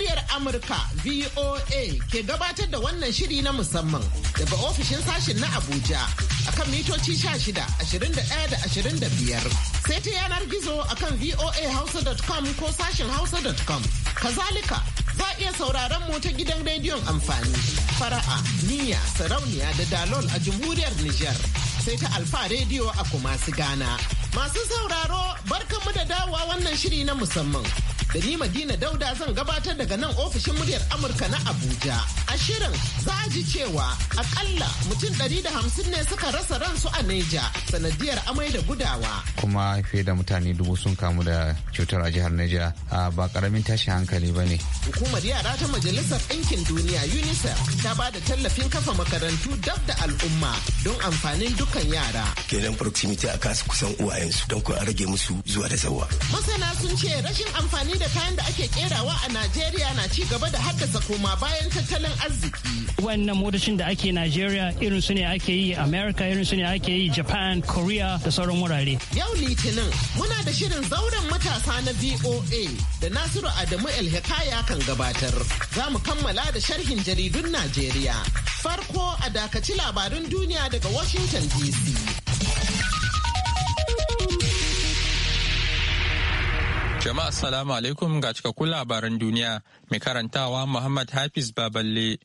muryar Amurka VOA ke gabatar da wannan shiri na musamman daga ofishin sashen na Abuja a kan mitoci 16, 21 da da biyar sai ta yanar gizo a akan voahausa.com ko sashen hausa.com. Kazalika za a iya sauraron mu ta gidan rediyon amfani fara'a, niyya, sarauniya da dalol a jamhuriyar Nijar sai ta alfa rediyo a kuma su Ghana. Masu sauraro barkanmu da dawowa wannan shiri na musamman. Da ni Madina Dauda zan gabatar daga nan ofishin muryar Amurka na Abuja. A shirin za a ji cewa akalla mutum hamsin ne suka rasa ransu a Neja sanadiyar amai da gudawa. Kuma fiye da mutane dubu sun kamu da cutar a jihar Neja ba karamin tashin hankali ba ne. Hukumar yara ta Majalisar Ɗinkin Duniya UNICEF ta ba da tallafin kafa makarantu dab da al'umma don amfanin dukkan yara. Kenan proximity a kusan 'ya'yansu don ku a rage musu zuwa da zawa. Masana sun ce rashin amfani da kayan da ake kerawa a Najeriya na ci gaba da haddasa koma bayan tattalin arziki. Wannan motocin da ake Najeriya irin su ne ake yi America irin su ne ake yi Japan, Korea da sauran wurare. Yau Litinin muna da shirin zauren matasa na VOA da Nasiru Adamu El Hekaya kan gabatar. Za mu kammala da sharhin jaridun Najeriya. Farko a dakaci labarun duniya daga Washington DC. Jama'a Assalamu alaikum ga cikakkun labaran duniya mai karantawa Muhammad Hafiz Baballe.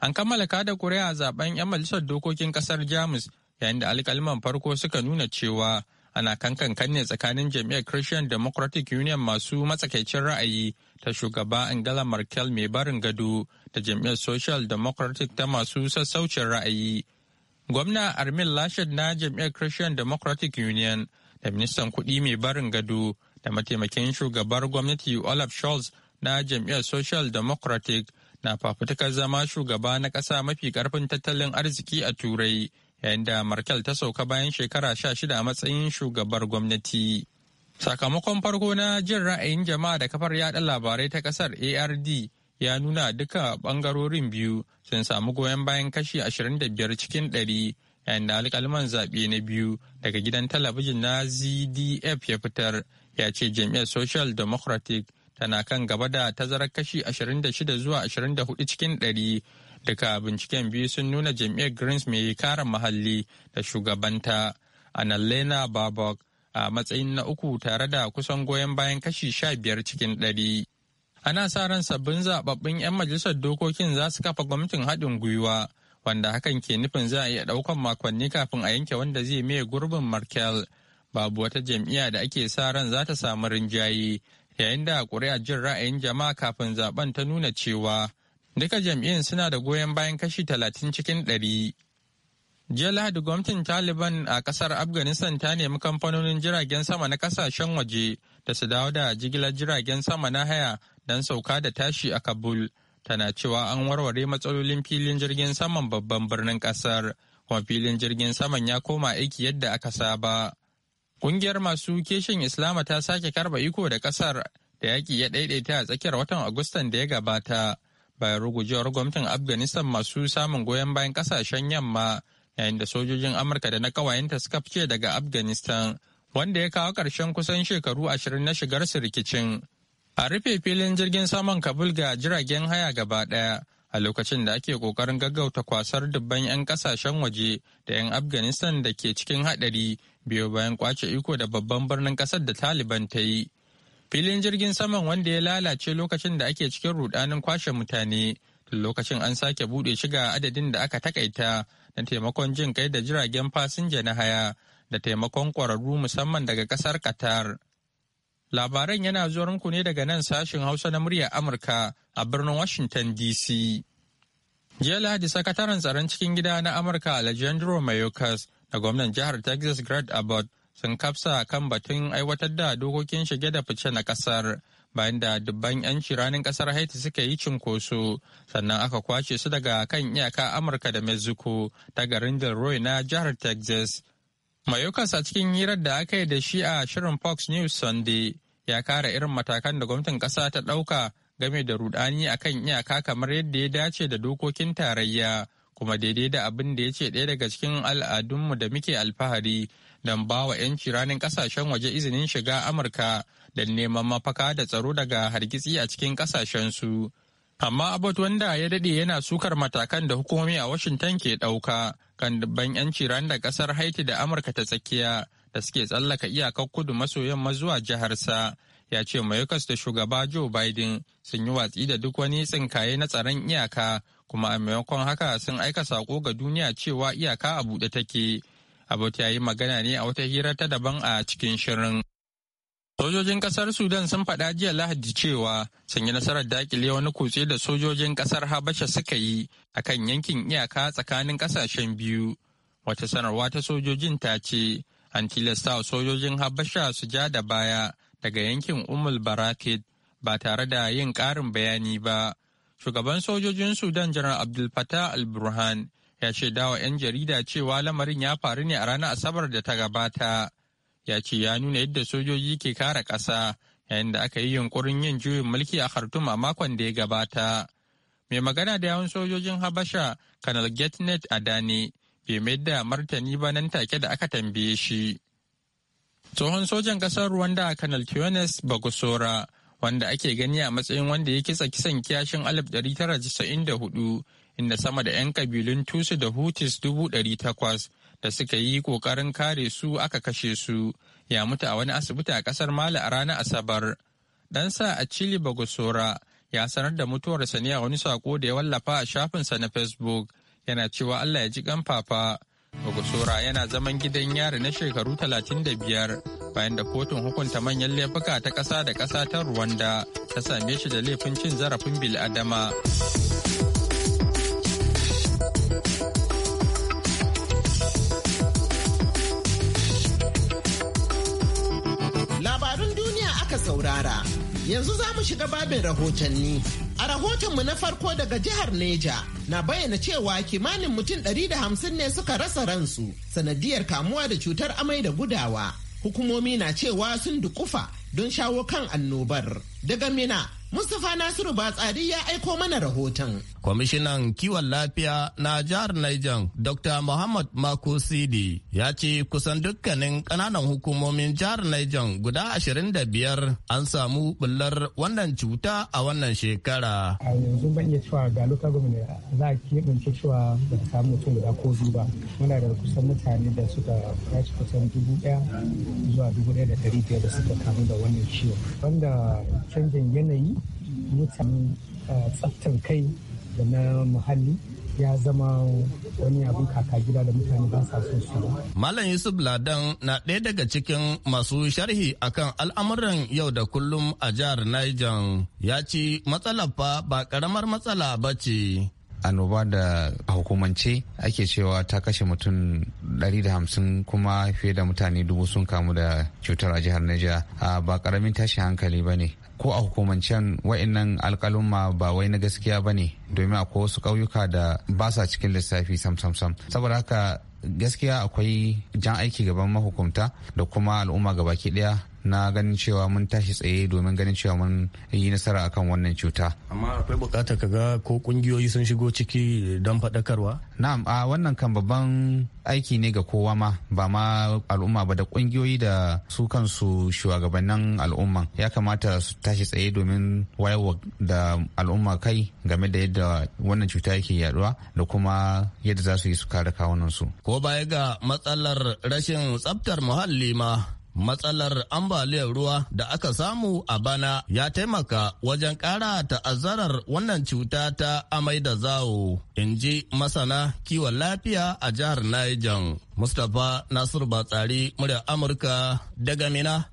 An kammala kada kuri'a zaben 'yan majalisar dokokin kasar Jamus yayin da alkaliman farko suka nuna cewa ana kankan kanne tsakanin jam'iyyar Christian Democratic Union masu matsakaicin ra'ayi ta shugaba Angela Merkel mai barin gado da jam'iyyar Social Democratic ta masu sassaucin ra'ayi. Gwamna Armin Laschet na jam'iyyar Christian Democratic Union da ministan kuɗi mai barin gado da mataimakin shugabar gwamnati Olaf Scholz na jam'iyyar Social Democratic na fafutukar zama shugaba na ƙasa mafi ƙarfin tattalin arziki a Turai, yayin da Merkel ta sauka bayan shekara sha shida a matsayin shugabar gwamnati. Sakamakon farko na jin ra'ayin jama'a da kafar yada labarai ta ƙasar ARD ya nuna duka ɓangarorin biyu sun samu goyon bayan kashi ashirin da biyar cikin ɗari. yayin da alƙalman zaɓe na biyu daga gidan talabijin na zdf ya fitar ya ce jam'iyyar social democratic tana kan gaba da tazarar kashi 26 zuwa 24 cikin 100 duka binciken biyu sun nuna jam'iyyar greens mai kare muhalli da shugabanta annalena babok a matsayin na uku tare da kusan goyon bayan kashi 15 cikin 100 ana sa ran sabbin zababbin 'yan majalisar dokokin za su kafa gwamnatin haɗin gwiwa wanda hakan ke nufin za a iya ɗaukan makonni kafin a yanke wanda zai maye gurbin markel babu wata jam'iyya da ake sa ran za ta samu rinjaye yayin da ƙuri'a jin ra'ayin jama'a kafin zaben ta nuna cewa duka jam'iyyar suna da goyon bayan kashi talatin cikin ɗari. jiya lahadi gwamnatin taliban a kasar afghanistan ta nemi kamfanonin jiragen sama na kasashen waje da su dawo da jigilar jiragen sama na haya don sauka da tashi a kabul tana cewa an warware matsalolin filin jirgin saman babban birnin kasar kuma filin jirgin saman ya koma aiki yadda aka saba Kungiyar masu keshin Islama ta sake karba iko da kasar da yaƙi ya daidaita a tsakiyar watan Agustan da ya gabata bayan rugujewar gwamnatin Afghanistan masu samun goyon bayan kasashen yamma yayin da sojojin Amurka da na kawayenta suka fice daga Afghanistan wanda ya kawo ƙarshen kusan shekaru ashirin na shigar su rikicin. A rufe filin jirgin saman Kabul ga jiragen haya gaba ɗaya a lokacin da ake ƙoƙarin gaggauta kwasar dubban 'yan ƙasashen waje da 'yan Afghanistan da ke cikin haɗari biyo bayan kwace iko da babban birnin kasar da taliban ta yi filin jirgin saman wanda ya lalace lokacin da ake cikin rudanin kwashe mutane lokacin an sake bude shiga adadin da aka takaita na taimakon jin kai da jiragen fasinja na haya da taimakon kwararru musamman daga kasar qatar labaran yana zuwa ne daga nan sashin hausa na muryar amurka a birnin washington dc jiya lahadi sakataren tsaron cikin gida na amurka alejandro mayorkas da gwamnan jihar Texas Greg Abbott sun kafsa kan batun aiwatar da dokokin shige da fice na kasar bayan da dubban 'yanci ranar kasar Haiti suka yi cinkoso sannan aka kwace su daga kan iyaka Amurka da Mexico ta garin Del Roy na jihar Texas. Mayokas a cikin hirar da aka yi da shi a shirin Fox News Sunday ya kara irin matakan da gwamnatin ƙasa ta ɗauka game da rudani kan iyaka kamar yadda ya dace da dokokin tarayya. kuma daidai da abin da ya ce ɗaya daga cikin al'adunmu da muke alfahari don ba wa 'yanci ranin kasashen waje izinin shiga amurka don neman mafaka da tsaro daga hargitsi a cikin su. amma abot wanda ya daɗe yana sukar matakan da hukumomi a washington ke ɗauka kan dubban 'yanci ran da ƙasar haiti da amurka ta tsakiya da suke tsallaka iyakar kudu maso yamma zuwa jiharsa ya ce mayukas da shugaba joe biden sun yi watsi da duk wani tsinkaye na tsaron iyaka kuma a maimakon haka sun aika sako ga duniya cewa iyaka a buɗe take abot ya yi magana ne a wata hira ta daban a cikin shirin sojojin kasar sudan sun faɗa jiya lahadi cewa sun yi nasarar dakile wani kutse da sojojin kasar habasha suka yi akan yankin iyaka tsakanin ƙasashen biyu wata sanarwa ta sojojin ta ce an tilasta wa sojojin habasha su ja da baya daga yankin umul barakit ba tare da yin ƙarin bayani ba Shugaban sojojin Sudan Janar Abdul Fattah al-Burhan ya ce dawa 'yan jarida cewa lamarin ya faru ne a ranar Asabar da ta gabata. Ya ce ya nuna yadda sojoji ke kare ƙasa yayin da aka yi yunkurin yin juyin mulki a Khartoum a makon da ya gabata. Mai magana da yawan sojojin Habasha, Kanal Getnet Adani, bai mai da martani ba nan take da aka tambaye shi. Tsohon sojan ƙasar Rwanda Kanal Kiones Bagosora wanda ake gani a matsayin wanda ya kisa kisan kiyashin 1994 inda sama da 'yan kabilun tusu da hutus 800 da suka yi kokarin kare su aka kashe su ya mutu a wani asibiti a kasar mali a ranar asabar sa a chile bagosora ya sanar da mutuwarsa ne a wani sako da ya wallafa a shafinsa na facebook yana cewa allah ya ji kan fafa bagosora yana zaman gidan yari na shekaru 35 bayan da kotun hukunta manyan laifuka ta ƙasa da ƙasa ta Rwanda ta same shi da laifin cin zarafin bil'adama. Labarun duniya aka saurara, yanzu za mu shiga babin rahotanni. A rahotonmu na farko daga jihar Neja na bayyana cewa kimanin mutum 150 ne suka rasa ransu sanadiyar kamuwa da cutar amai da gudawa. hukumomi na cewa sun dukufa don shawo kan annobar. Daga Mina, Mustapha Nasiru Batsari ya aiko mana rahoton. Kwamishinan kiwon lafiya na jihar Niger, Dr. Muhammad Mako Sidi, ya ce kusan dukkanin ƙananan hukumomin jihar Niger guda 25 an samu bullar wannan cuta a wannan shekara. A yanzu ban iya cewa ga local government za a keɓance cewa ba ta samu mutum guda ko biyu ba. Muna da kusan mutane da suka kashi kusan dubu ɗaya zuwa dubu ɗaya da ɗari biyar da suka kamu da wannan ciwon. Wanda canjin yanayi mutane eh, tsaftar kai da na muhalli ya zama wani abin kaka gida da mutane ba sa son su. Malam Yusuf Ladan na ɗaya daga cikin masu sharhi akan al'amuran yau da kullum a jihar Niger ya ci matsalar fa ba ƙaramar matsala ba ce. annoba da hukumance ake cewa ta kashe mutum 150 kuma fiye da mutane dubu sun kamu da cutar a jihar Neja ah, ba karamin tashin hankali ba ne ko a hukumancen wa'annan alkalumma ba wai na gaskiya ba ne domin akwai wasu ƙauyuka da ba sa cikin lissafi sam sam sam saboda haka gaskiya akwai jan aiki gaban mahukunta da kuma al'umma gabaki daya na ganin cewa mun tashi tsaye domin ganin cewa mun yi nasara akan wannan cuta. Amma akwai bukatar ka ga ko kungiyoyi sun shigo ciki don faɗakarwa? Na'am, a wannan kan babban aiki ne ga kowa ma ba ma al'umma ba da kungiyoyi da su kansu shugabannin al'umma ya kamata su tashi tsaye domin wayarwa da al'umma kai game da yadda wannan cuta yake yaduwa da kuma yadda za su yi su kare kawunan su. Ko baya ga matsalar rashin tsaftar muhalli ma matsalar ambaliyar ruwa da aka samu a bana ya taimaka wajen ƙara ta'azzarar wannan cuta ta amai da zawo in ji masana kiwon lafiya a jihar Niger. mustapha nasiru batsari murya amurka daga mina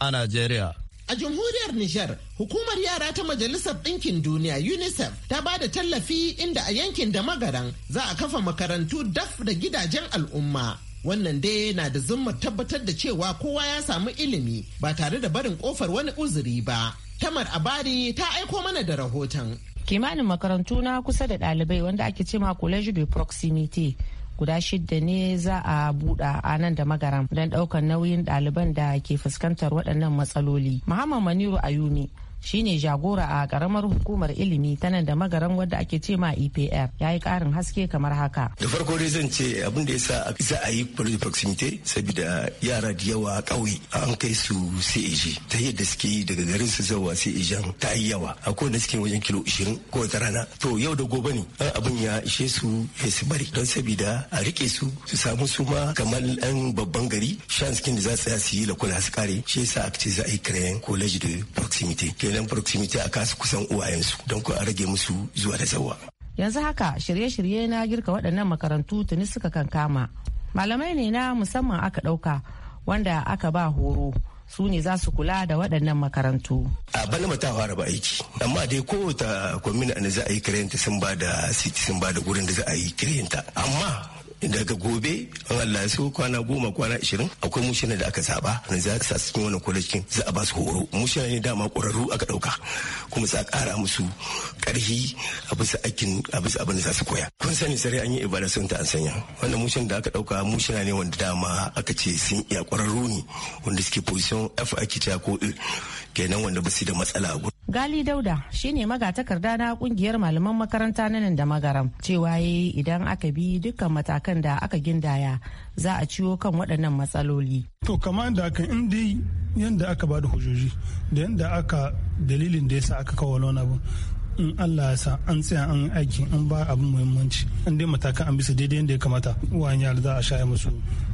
a Najeriya. A jamhuriyar Nijar, hukumar yara ta Majalisar Ɗinkin Duniya UNICEF ta ba da tallafi inda a yankin da magaran za a kafa makarantu daf da gidajen al'umma. wannan dai na da zumma tabbatar da cewa kowa ya samu ilimi ba tare da barin kofar wani uzuri ba tamar abari ta aiko mana da rahoton kimanin makarantu na kusa da dalibai wanda ake ce ma college de proximity guda shidda ne za a buɗa a nan da magaram don ɗaukar nauyin ɗaliban da ke fuskantar waɗannan matsaloli muhammad maniru ayumi shine jagora a karamar hukumar ilimi ta nan da magaran wadda ake ce ma e.p.r. ya yi karin haske kamar haka. Da farko dai zan ce abin da yasa za a yi kwallo proximity saboda yara da yawa kauye an kai su CAG ta yadda suke yi daga garin su zawa CAG ta yi yawa a kowane suke wajen kilo 20 ko rana to yau da gobe ne abin ya ishe su ya su bari don saboda a rike su su samu su ma kamar ɗan babban gari shan da za su yi lakula su kare shi yasa a ce za a yi kirayen college de proximity renon proximity a kasu kusan uwayensu don ku a rage musu zuwa da zawa. Yanzu haka shirye-shirye na girka waɗannan makarantu tuni suka kan kama Malamai ne na musamman aka ɗauka wanda aka ba horo. su ne za su kula da waɗannan makarantu. A balma ta fara ba aiki, amma dai kowata kwamina da za a yi kirayenta sun ba da sun ba da gurin da za a yi kirayenta. Amma daga gobe Allah sai kwana goma kwana ishirin akwai mushina da aka saba na za su cikin wannan za a ba su horo mushina ne dama ƙwararru aka ɗauka kuma za a ƙara musu ƙarfi a bisa aikin a bisa abin da za su koya kun sani sare an yi ibada sun ta an sanya wannan mushina da aka ɗauka mushina ne wanda dama aka ce sun iya ƙwararru ne wanda suke position F ake ta ko kenan wanda ba su da matsala a Gali Dauda shine magatakarda na kungiyar malaman makaranta na nan da magaram cewa yayi idan aka bi dukkan matakan da aka gindaya za a ciwo kan waɗannan matsaloli. To kama da aka in dai yanda aka bada hujjoji da yanda aka dalilin da yasa aka kawo wani abu in Allah ya sa an tsaya an aiki an ba abin muhimmanci an dai matakan an bisa daidai yadda ya kamata wayan yara za a shaya musu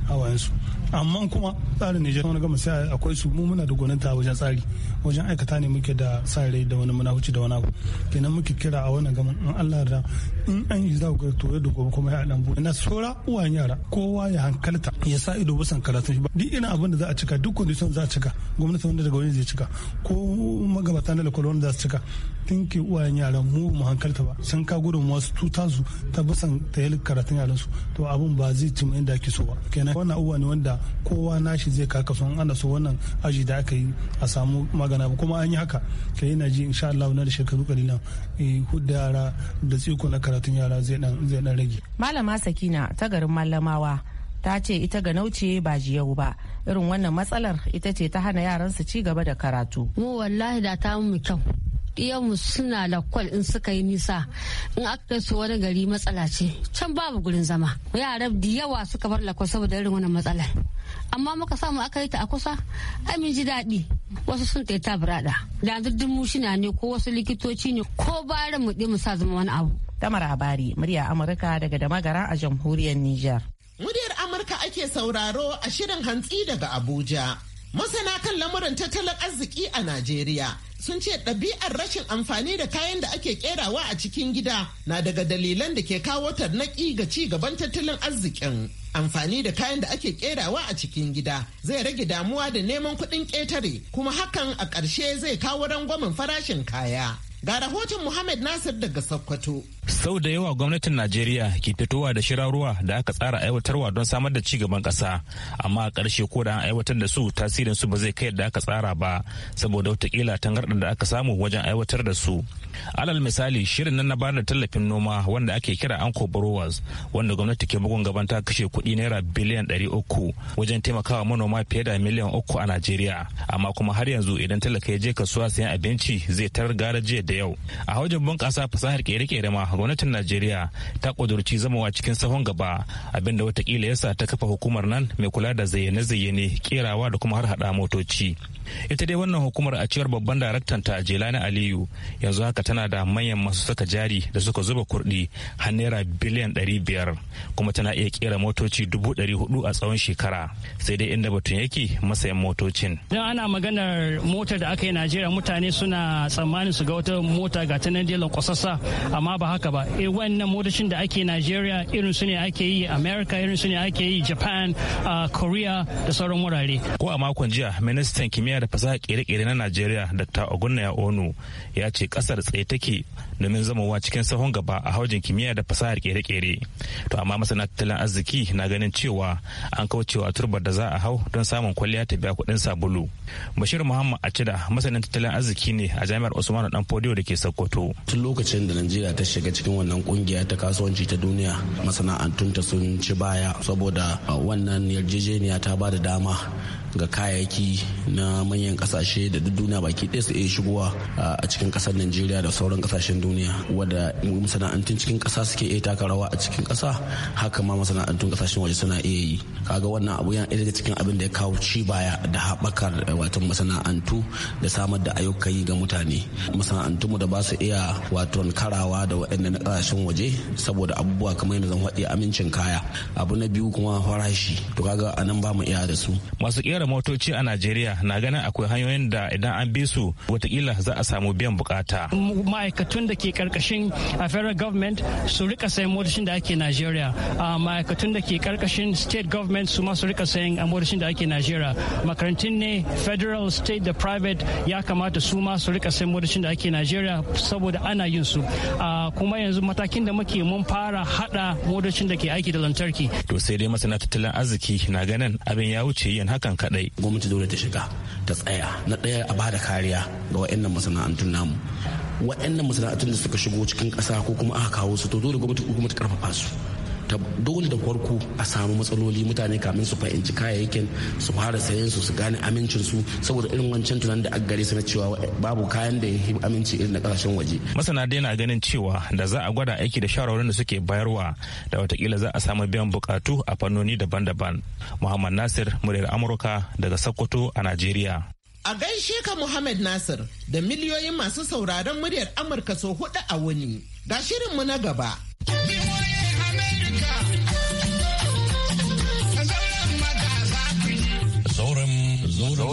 hawayensu amma kuma tsarin Nijar wani gama sai akwai su mu muna dogonanta wajen tsari wajen aikata ne muke da sa rai da wani munafuci da wani abu kenan muke kira a wannan gama in Allah da in an yi za ku to ya gobe kuma ya dan bude na sora uwan yara kowa ya hankalta ya sa ido bisan karatun shi ba duk ina abin da za a cika duk condition za a cika gwamnati wanda daga wani zai cika ko magabata na lakwal wanda za su cika tinke uwayen yara mu mu hankalta ba sun ka gudun wasu tuta su ta bisan ta yi karatun yaran su to abin ba zai cimma inda ake so ba kenan wannan abubuwa ne wanda kowa nashi zai kaka son ana so wannan aji da aka yi a samu magana ba kuma an yi haka sai yana ji insha Allah na da shekaru kalilan eh, hudda yara da tsiko na karatun yara zai dan zai dan rage malama sakina ta garin mallamawa ta ce ita ga nauce ba ji yau ba irin wannan matsalar ita ce ta hana yaran su ci gaba da karatu mu wallahi da ta mu kyau mu suna lakwal in suka yi nisa in aka kai su wani gari matsala ce can babu gurin zama yaran da yawa suka bar lakwal saboda irin wannan matsalar amma muka samu aka yi ta a kusa amin ji daɗi wasu sun ta ta burada da duk ne ko wasu likitoci ne ko bayan mu mu sa zama wani abu tamar habari murya amurka daga damagara a jamhuriyar niger muryar amurka ake sauraro a shirin hantsi daga abuja Masana kan lamuran tattalin arziki a Najeriya sun ce ɗabi'ar rashin amfani da kayan da ake kerawa a cikin gida na daga dalilan da ke kawo tarnaƙi ga ci gaban tattalin arzikin. amfani da kayan da ake kerawa a cikin gida zai rage damuwa da neman kuɗin ƙetare kuma hakan a ƙarshe zai kawo rangwamen farashin kaya Ga rahoton Muhammad Nasir daga Sokoto. Sau da yawa gwamnatin Najeriya ke fitowa da shirarruwa da aka tsara aiwatarwa don samar da ci gaban kasa amma a ƙarshe ko da an aiwatar da su tasirin su ba zai kai da aka tsara ba saboda watakila tangarɗar da aka samu wajen aiwatar da su. Alal misali shirin nan na da tallafin noma wanda ake kira Anko Borrowers wanda gwamnati ke bugun gaban ta kashe kuɗi naira biliyan ɗari uku wajen taimakawa manoma fiye da miliyan uku a Najeriya, amma kuma har yanzu idan talaka ya je kasuwa sayan abinci zai tarar gara jiya da yau a wajen bunƙasa fasahar kere-kere ma gwamnatin najeriya ta ƙudurci zamawa cikin sahon gaba abinda watakila sa ta kafa hukumar nan mai kula da zayyane-zayyane kerawa da kuma har hada motoci ita dai wannan hukumar a cewar babban daraktan ta jelani aliyu yanzu haka tana da manyan masu saka jari da suka zuba kurɗi har naira biliyan ɗari biyar kuma tana iya kera motoci dubu ɗari hudu a tsawon shekara sai dai inda batun yake masayan motocin. Idan ana maganar motar da aka yi Najeriya mutane suna tsammanin su ga wata irin mota ga ta nan kwasassa amma ba haka ba eh wannan motocin da ake Nigeria irin su ne ake yi America irin su ne ake yi Japan uh, Korea da sauran wurare ko a makon jiya ministan kimiyya da fasaha kere-kere na Nigeria Dr. Ogunnaya Onu ya ce kasar tsaye take domin zamowa cikin sahun gaba a haujin kimiyya da fasahar kere-kere to amma masana tattalin arziki na ganin cewa an kaucewa turbar da za a hau don samun kwalliya ta biya kuɗin sabulu bashir muhammad acida masanin tattalin arziki ne a jami'ar dan danfodi radio da ke Sokoto. Tun lokacin da Najeriya ta shiga cikin wannan kungiya ta kasuwanci ta duniya masana'antunta sun ci baya saboda uh, wannan yarjejeniya ta ba da dama ga kayayyaki na manyan kasashe da duk duniya baki ɗaya su iya shigowa a cikin ƙasar najeriya da sauran ƙasashen duniya wanda masana'antun cikin ƙasa suke iya taka rawa a cikin ƙasa haka ma masana'antun ƙasashen waje suna iya yi kaga wannan abu yana ɗaya daga cikin abin da ya kawo ci baya da haɓakar eh, wato masana'antu da samar da ayyukan yi ga mutane masana'antun mu da ba su iya wato karawa da waɗannan na ƙasashen waje saboda abubuwa kamar yadda zan faɗi amincin kaya abu na biyu kuma farashi to kaga a nan ba mu iya da su masu ƙera kera motoci a najeriya na ganin akwai hanyoyin da idan an bi su watakila za a samu biyan bukata ma'aikatun da ke karkashin a uh, federal government su rika sayan motocin da ake najeriya uh, ma'aikatun da ke karkashin state government su masu rika sayan uh, motocin da ake najeriya makarantun ne federal state da private ya kamata su ma su rika sayan motocin da ake najeriya saboda ana yin su kuma yanzu matakin da muke mun fara hada motocin da ke aiki da lantarki to sai dai masana tattalin arziki na ganin abin ya wuce yin hakan kaɗai kadai gwamnati dole ta shiga ta tsaya na ɗaya a bada kariya ga wa'annan masana'antun namu wa'annan masana'antun da suka shigo cikin ƙasa ko kuma aka kawo su to dole gwamnati kuma ta karfafa su ta dole da farko a samu matsaloli mutane kamin su fahimci kayayyakin su fara sayen su su gane amincin su saboda irin wancan tunanin da aka gare su na cewa babu kayan da ya yi aminci irin na kasashen waje masana dai na ganin cewa da za a gwada aiki da shawarwarin da suke bayarwa da watakila za a samu biyan bukatu a fannoni daban-daban muhammad nasir muryar amurka daga sokoto a najeriya A gaishe ka Muhammad Nasir da miliyoyin masu sauraron muryar Amurka sau hudu a wuni. Ga shirinmu na gaba.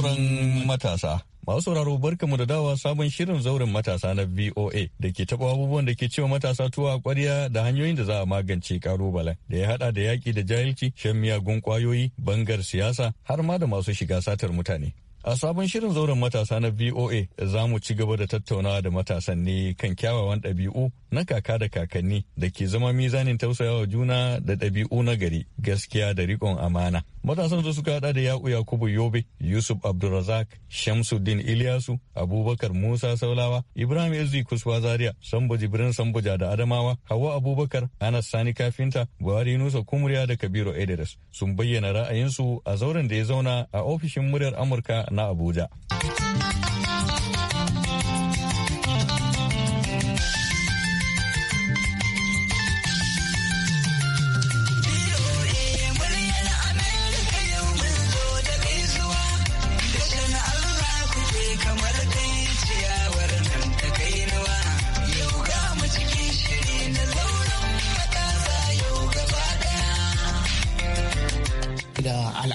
zauren matasa. Masu sauraro barkamu da dawa sabon shirin zauren matasa na VOA da ke taɓa abubuwan da ke cewa matasa tuwa ƙwarya da hanyoyin da za a magance ƙalubalen da ya haɗa da yaƙi da jahilci, shan miyagun ƙwayoyi, bangar siyasa har ma da masu shiga satar mutane. A sabon shirin zauren matasa na VOA za mu ci gaba da tattaunawa da matasan ne kan kyawawan ɗabi'u na kaka da kakanni da ke zama mizanin tausayawa juna da ɗabi'u na gari gaskiya da rikon amana. Matasan su suka haɗa da Yaƙu Yakubu Yobe, Yusuf Abdulrazak, Shamsuddin Ilyasu, Abubakar Musa Saulawa, Ibrahim Ezzi Kuswa Zaria, Sambo Jibrin Sambuja da Adamawa, Hawa Abubakar, Anas Sani Kafinta, Buhari Nusa Kumriya da Kabiru Ederes sun bayyana ra'ayinsu a zauren da ya zauna a ofishin muryar Amurka na Abuja.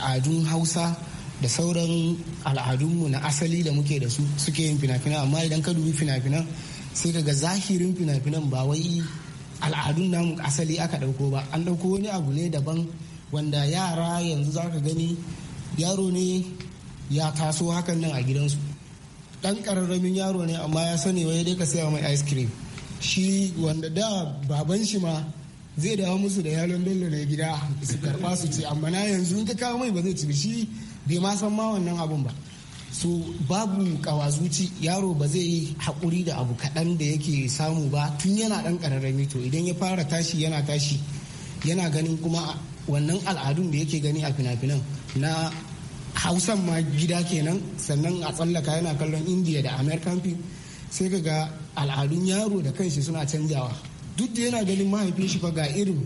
al'adun hausa da sauran al'adunmu na asali da muke da su suke yin fina-finan amma idan ka dubi fina-finan sai ka ga zahirin fina-finan ba wai al'adun namu asali aka ɗauko ba an ɗauko wani abu ne daban wanda yara yanzu za ka gani yaro ne ya taso hakan nan a gidansu ɗan ƙararramin yaro ne amma ya sani wai dai ka saya mai ice cream shi wanda da baban shi ma zai dawo musu da yaron bello na gida su karba su ce amma na yanzu in ka kawo mai ba zai ci shi bai ma san ma wannan abun ba so babu kawazuci yaro ba zai yi haƙuri da abu kaɗan da yake samu ba tun yana ɗan ƙararrami to idan ya fara tashi yana tashi yana ganin kuma wannan al'adun da yake gani a fina-finan na hausan ma gida kenan sannan a tsallaka yana kallon indiya da american film sai ka ga al'adun yaro da kanshi suna canjawa duk da yana ganin mahaifin shi fa ga irin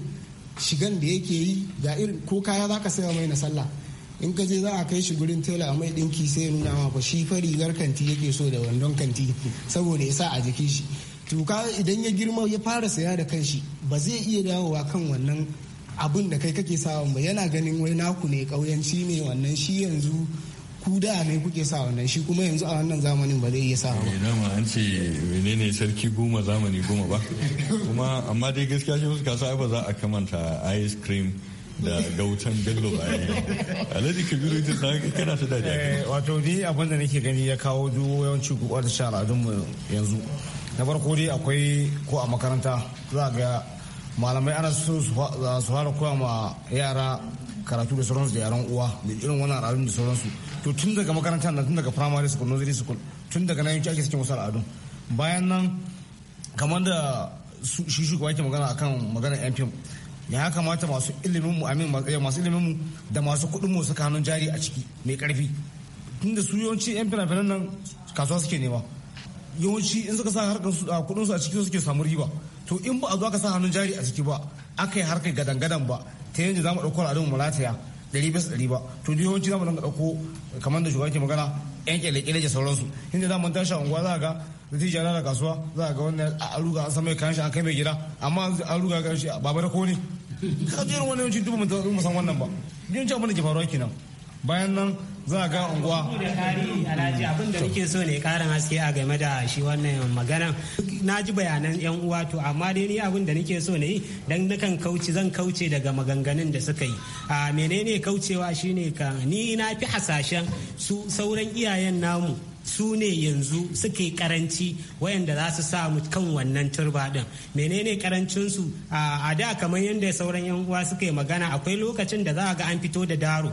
shigan da yake yi ga irin ko kaya zaka saya mai na sallah in ka je za a kai shi gurin tela a mai dinki sai ya nuna ma fa shi fa rigar kanti yake so da wandon kanti saboda ya sa a jikin shi to ka idan ya girma ya fara saya da kanshi ba zai iya dawowa kan wannan abin da kai kake sawan ba yana ganin wai naku ne kauyanci ne wannan shi yanzu ku da ne kuke sa wannan shi kuma yanzu a wannan zamanin ba zai iya sa ba. Eh, ma an ce menene sarki goma zamani goma ba kuma amma dai gaskiya shi wasu kasa ba za a kamanta ice cream da gautan gallo a yi alhaji kabiru ita ta kana ta daji eh, wato ni abin da nake gani ya kawo duk yawanci gubar al'adunmu yanzu na farko dai akwai ko a makaranta za ga malamai ana so su fara koya ma yara karatu da sauransu da yaran uwa da irin wani al'adun da sauransu to tun daga makaranta nan tun daga primary school nursery school tun daga nan ake cikin wasu al'adu bayan nan kamar da shi shugaba yake magana akan maganar mpm ya kamata masu ilimin mu amin eh, masu ilimin mu da masu kuɗin mu su hannun jari a ciki mai karfi da su yawanci yan fina-finan nan kasuwa suke nema yawanci in suka sa harkar su kuɗin su a ciki suke samu riba to in ba a zo aka sa hannun jari a ciki ba aka yi harkar gadan-gadan ba ta yanzu za mu ɗauko al'adun mu lataya. Dari bisa dari ba to da yawanci zamu dinga ɗauko kamar da shugaban ke magana yan kyale-kyale da sauransu inda za mu tashi unguwa za ga zai jara da kasuwa za ga wannan an an san mai kayan shi an kai mai gida amma an ruga kan shi baba da kone ka jerin wani yawanci duba mu san wannan ba yawanci abin da ke faruwa kenan bayan nan za a ga unguwa. da nake so ne karin haske a game da shi wannan magana na ji bayanan yan uwa to amma dai ni abin da nake so ne dan nakan kauce zan kauce daga maganganun da suka yi a menene kaucewa shine ka ni na fi hasashen su sauran iyayen namu su ne yanzu suke karanci wayanda za su samu kan wannan turba din menene karancinsu a da kamar yadda sauran yan uwa suka magana akwai lokacin da za a ga an fito da daro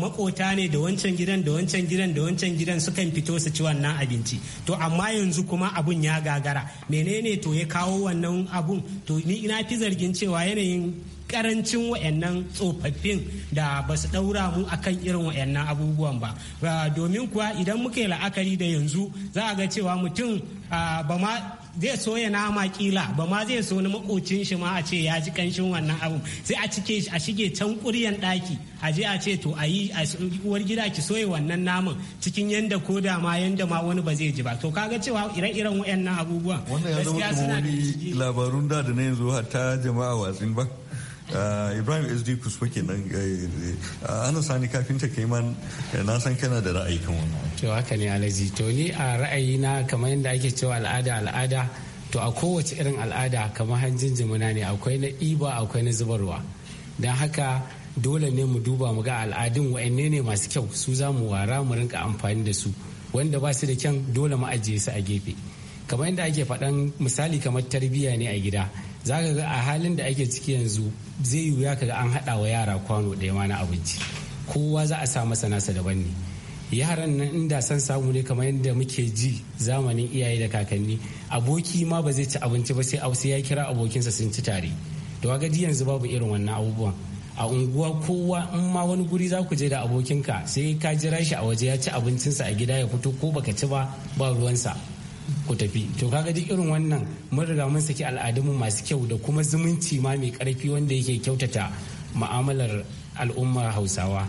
makota ne da wancan gidan da wancan gidan da wancan gidan sukan fito su ci wannan abinci to amma yanzu kuma abun ya gagara menene to ya kawo wannan abun to ni ina fi zargin cewa yanayin karancin wayannan tsofaffin da ba su daura mu akan irin wayannan abubuwan ba domin kuwa idan muka yi la'akari da yanzu za a ga cewa mutum ba ma zai so ya nama kila ba ma zai so na makocin shi ma a ce ya ji kanshin wannan abu sai a cike a shige can kuryan daki a je a ce to a yi a uwar gida ki soye wannan naman cikin yanda ko da ma yanda ma wani ba zai ji ba to kaga cewa ire-iren wayannan abubuwan ya zama wani labarun da da na yanzu hatta jama'a watsin ba Eh, ibrahim sd kuswa kenan eh, eh, ana sani kafinta kai ma na san kana da ra'ayi kan wannan to haka ne alhaji to ni a ra'ayi na kamar yadda ake cewa al'ada al'ada to a kowace irin al'ada kamar hanjin jimina ne akwai na ɗiba akwai na zubarwa don haka dole ne mu duba mu ga al'adun wa'anne ne masu kyau su za mu wara mu rinka amfani da su wanda ba su da kyan dole mu ajiye su a gefe kamar yadda ake faɗan misali kamar tarbiyya ne a gida za ka ga a halin da ake ciki yanzu zai yi wuya kaga an haɗa wa yara kwano ɗaya ma na abinci kowa za a sa masa nasa daban ne yaran nan inda san samu ne kamar yadda muke ji zamanin iyaye da kakanni aboki ma ba zai ci abinci ba sai sai ya kira abokinsa sun ci tare to ga yanzu babu irin wannan abubuwan a unguwa kowa in ma wani guri za ku je da abokinka sai ka jira shi a waje ya ci abincinsa a gida ya fito ko baka ci ba ba ruwansa ku tafi to kaga duk irin wannan mun riga mun saki al'adunmu masu kyau da kuma zumunci ma mai karfi wanda yake kyautata ma'amalar al'ummar hausawa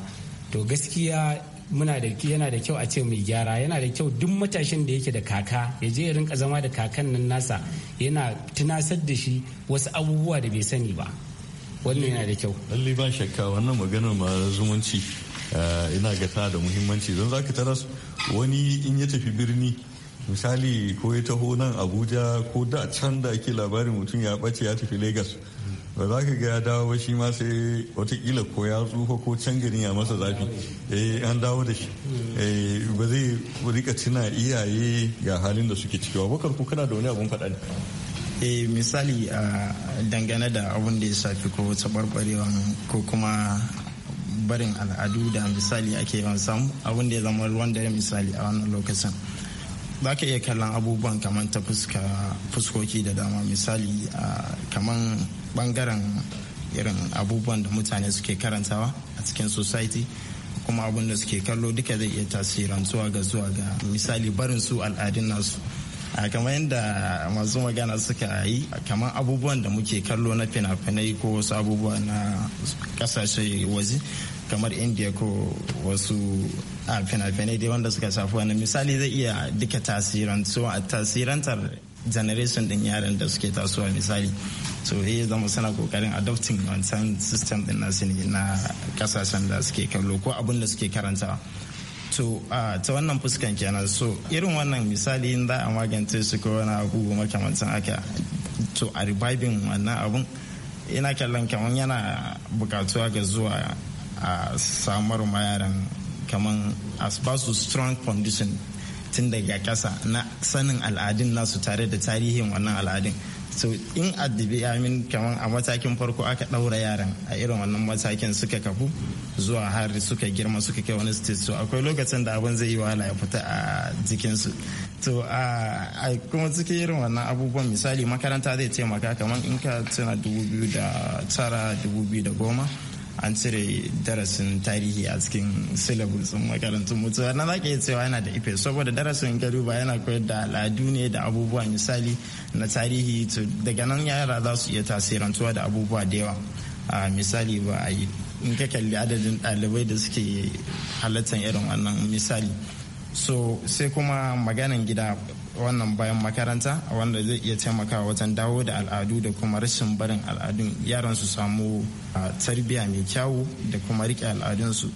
to gaskiya muna da yana da kyau a ce mai gyara yana da kyau duk matashin da yake da kaka ya je ya rinka zama da kakan nan nasa yana tunasar da shi wasu abubuwa da bai sani ba wannan yana da kyau lalle ba shakka wannan maganar ma zumunci eh, ina ga ta da muhimmanci don zaka taras wani in ya tafi birni misali ko ya taho nan abuja ko da can da ake labarin mutum ya bace ya tafi lagos ba za ka ga ya dawo ba shi ma sai watakila ko ya tsufa ko can gani ya masa zafi eh an dawo da shi eh, ba zai rika tuna iyaye ga halin da suke ciki bakar ko kana da wani abun faɗa ne eh, misali a dangane da abun da ya shafi ko barbarewan ko kuma barin al'adu da misali ake yawan samu abun da ya zama ruwan dare misali a wannan lokacin ba ka iya kallon abubuwan kamar ta fuska fuskoki da dama misali kamar bangaren irin abubuwan da mutane suke karantawa a cikin society kuma abin da suke kallo duka zai iya tasirantuwa ga zuwa ga misali barin su al'adun nasu a kamar yadda masu magana suka yi kamar abubuwan da muke kallo na fina-finai ko wasu abubuwa na kasashe waje kamar india ko wasu a fina-finai dai wanda suka shafi wani misali zai iya duka tasirantar generation din yaran da suke tasowa misali so eh, ya zama suna kokarin adopting wancan system din nasu na kasashen da suke kallo ko abin da suke karanta. to ta wannan fuskan kenan so irin wannan misali in za a magance su ko wani abu makamancin haka to a reviving wannan abun ina kallon kaman yana bukatuwa ga zuwa a samar ma yaran kaman as ba su strong condition tun daga kasa na sanin al'adun nasu tare da tarihin wannan al'adun so in addibi amin kaman a matakin farko aka ɗaura yaran a irin wannan matakin suka kafu zuwa har suka girma suka kai wani stage so akwai lokacin da abin zai yi wahala ya fita a jikinsu to a kuma suke irin wannan abubuwan misali makaranta zai taimaka kaman in ka tuna dubu biyu da goma an cire darasin tarihi a cikin syllabus makarantun mutu na za ka iya cewa yana da ife saboda darasin ka ba yana koyar da al'adu ne da abubuwa misali na tarihi to daga nan yara za su iya tasirantuwa da abubuwa da yawa misali ba a yi in ka kalli adadin ɗalibai da suke halartar irin wannan misali so sai kuma maganan gida wannan bayan makaranta wanda zai iya taimakawa wajen dawo da al'adu da kuma rashin barin al'adun yaran su samu tarbiyya mai kyawu da kuma riƙe al'adunsu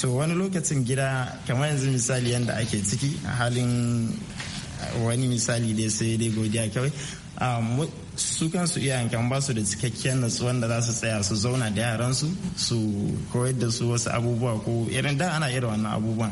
to wani lokacin gida kamar yanzu misali yadda ake ciki a halin wani misali dai sai dai godiya kawai su kansu iyayen kan ba su da cikakkiyar natsuwan da za su tsaya su zauna da yaransu su koyar da su wasu abubuwa ko irin da ana irin wannan abubuwan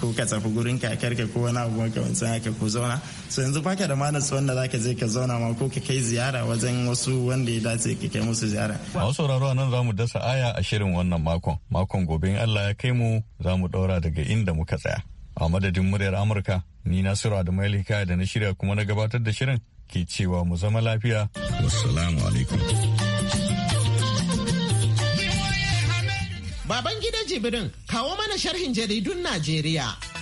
ko ka tafi gurin ka ko wani abu makamancin haka ko zauna so yanzu baka da manas wanda zaka je ka zauna ma ko ka kai ziyara wajen wasu wanda ya dace ka kai musu ziyara a wasu sauraro nan zamu dasa aya a shirin wannan makon makon gobe in Allah ya kai mu zamu daura daga inda muka tsaya a madadin muryar Amurka ni Nasiru Adamu da na shirya kuma na gabatar da shirin ke cewa mu zama lafiya wassalamu alaikum Baban gida Jibrin kawo mana sharhin jaridun Najeriya.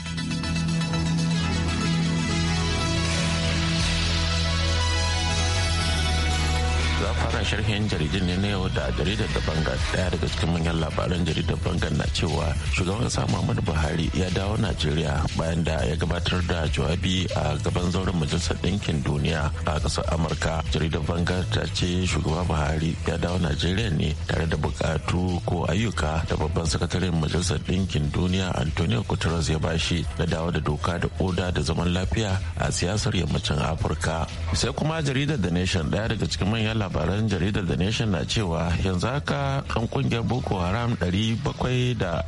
za fara sharhin jaridin ne na yau da jaridar da bangar daya daga cikin manyan labaran jaridar bangar na cewa shugaban kasa muhammadu buhari ya dawo najeriya bayan da ya gabatar da jawabi a gaban zauren majalisar ɗinkin duniya a ƙasar amurka jaridar bangar ta ce shugaba buhari ya dawo najeriya ne tare da buƙatu ko ayyuka da babban sakataren majalisar ɗinkin duniya antonio guterres ya bashi na dawo da doka da oda da zaman lafiya a siyasar yammacin afirka sai kuma jaridar da nation daya daga cikin manyan labaran labaran jaridar the nation na cewa yanzu haka yan kungiyar boko haram 720 da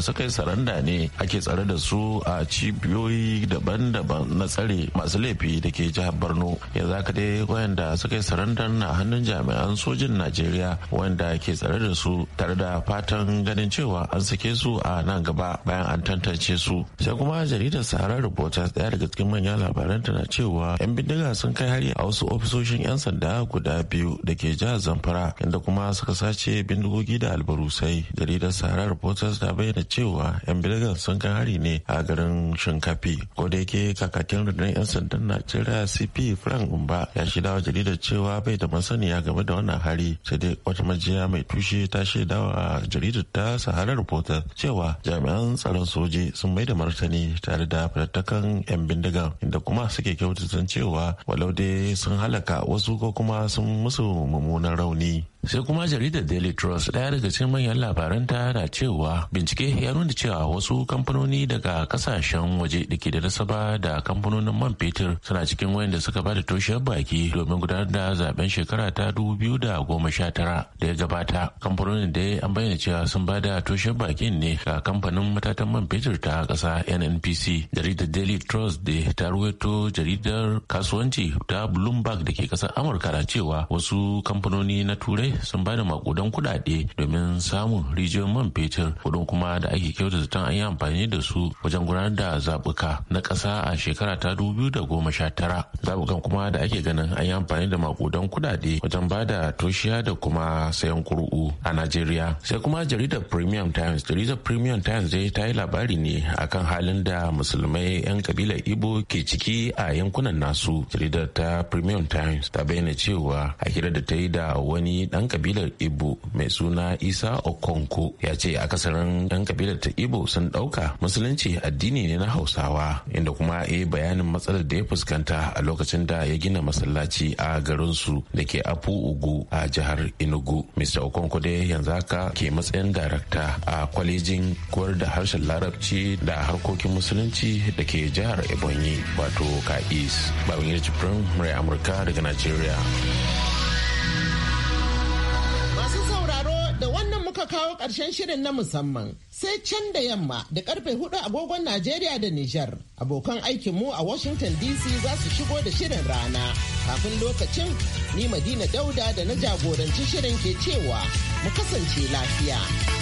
suka yi saranda ne ake tsare da su a cibiyoyi daban-daban na tsare masu laifi da ke jihar borno yanzu haka dai wayanda suka yi sarandar na hannun jami'an sojin najeriya wanda ke tsare da su tare da fatan ganin cewa an sake su a nan gaba bayan an tantance su sai kuma jaridar sahara reporters daya daga cikin manyan labaranta na cewa yan bindiga sun kai hari a wasu ofisoshin yan sanda guda biyu biyu da ke jihar zamfara inda kuma suka sace bindigogi da albarusai jaridar sahara reporters ta bayyana cewa yan bindigan sun kai hari ne a garin shinkafi ko da yake kakakin rundunar yan sandan najeriya cp frank umba ya shaidawa jaridar cewa bai da masaniya game da wannan hari sai dai wata majiya mai tushe ta shaidawa jaridar ta sahara reporters cewa jami'an tsaron soji sun mai da martani tare da fitattakan 'yan bindigan inda kuma suke kyautatan cewa walau dai sun halaka wasu ko kuma sun musu mummunan rauni sai kuma jaridar daily trust daya daga cikin manyan labaran ta na cewa bincike ya nuna cewa wasu kamfanoni daga kasashen waje da ke da nasaba da kamfanonin man fetur suna cikin wayanda suka ba da toshiyar baki domin gudanar da zaben shekara ta biyu da goma sha tara da ya gabata kamfanonin da an bayyana cewa sun ba da toshiyar bakin ne ga kamfanin matatan man fetur ta kasa nnpc jaridar daily trust da ta ruwaito jaridar kasuwanci ta bloomberg da ke kasar amurka da cewa wasu kamfanoni na turai sun bada makudan kudade domin samun rijiyoyin man fetur kudin kuma da ake kyauta zaton an yi amfani da su wajen gudanar da zabuka na ƙasa a shekara ta tara zabukan kuma da ake ganin an yi amfani da makudan kudade wajen bada toshiya da kuma sayan kuru'u a najeriya sai kuma jaridar premium times jaridar premium times zai ta yi labari ne akan halin da musulmai 'yan kabilar ibo ke ciki a yankunan nasu jaridar ta premium times ta bayyana cewa a da ta yi da wani dan yan kabilar Ibo mai suna Isa Okonko ya ce akasarin yan kabilar ta Ibo sun ɗauka musulunci addini ne na Hausawa inda kuma a bayanin matsalar da ya fuskanta a lokacin da ya gina masallaci a garinsu da ke Apu Ugu a jihar Enugu. Mr. Okonko dai yanzu haka ke matsayin darakta a kwalejin koyar da harshen Larabci da harkokin musulunci da ke jihar Ebonyi wato Ka'is. Babin Yarci Firin Murai Amurka daga Najeriya. karshen shirin na musamman sai can da yamma da karfe hudu agogon Najeriya da Nijar. Abokan aikinmu a Washington DC za su shigo da shirin rana. Kafin lokacin ni Madina Dauda da na jagoranci shirin ke cewa mu kasance lafiya.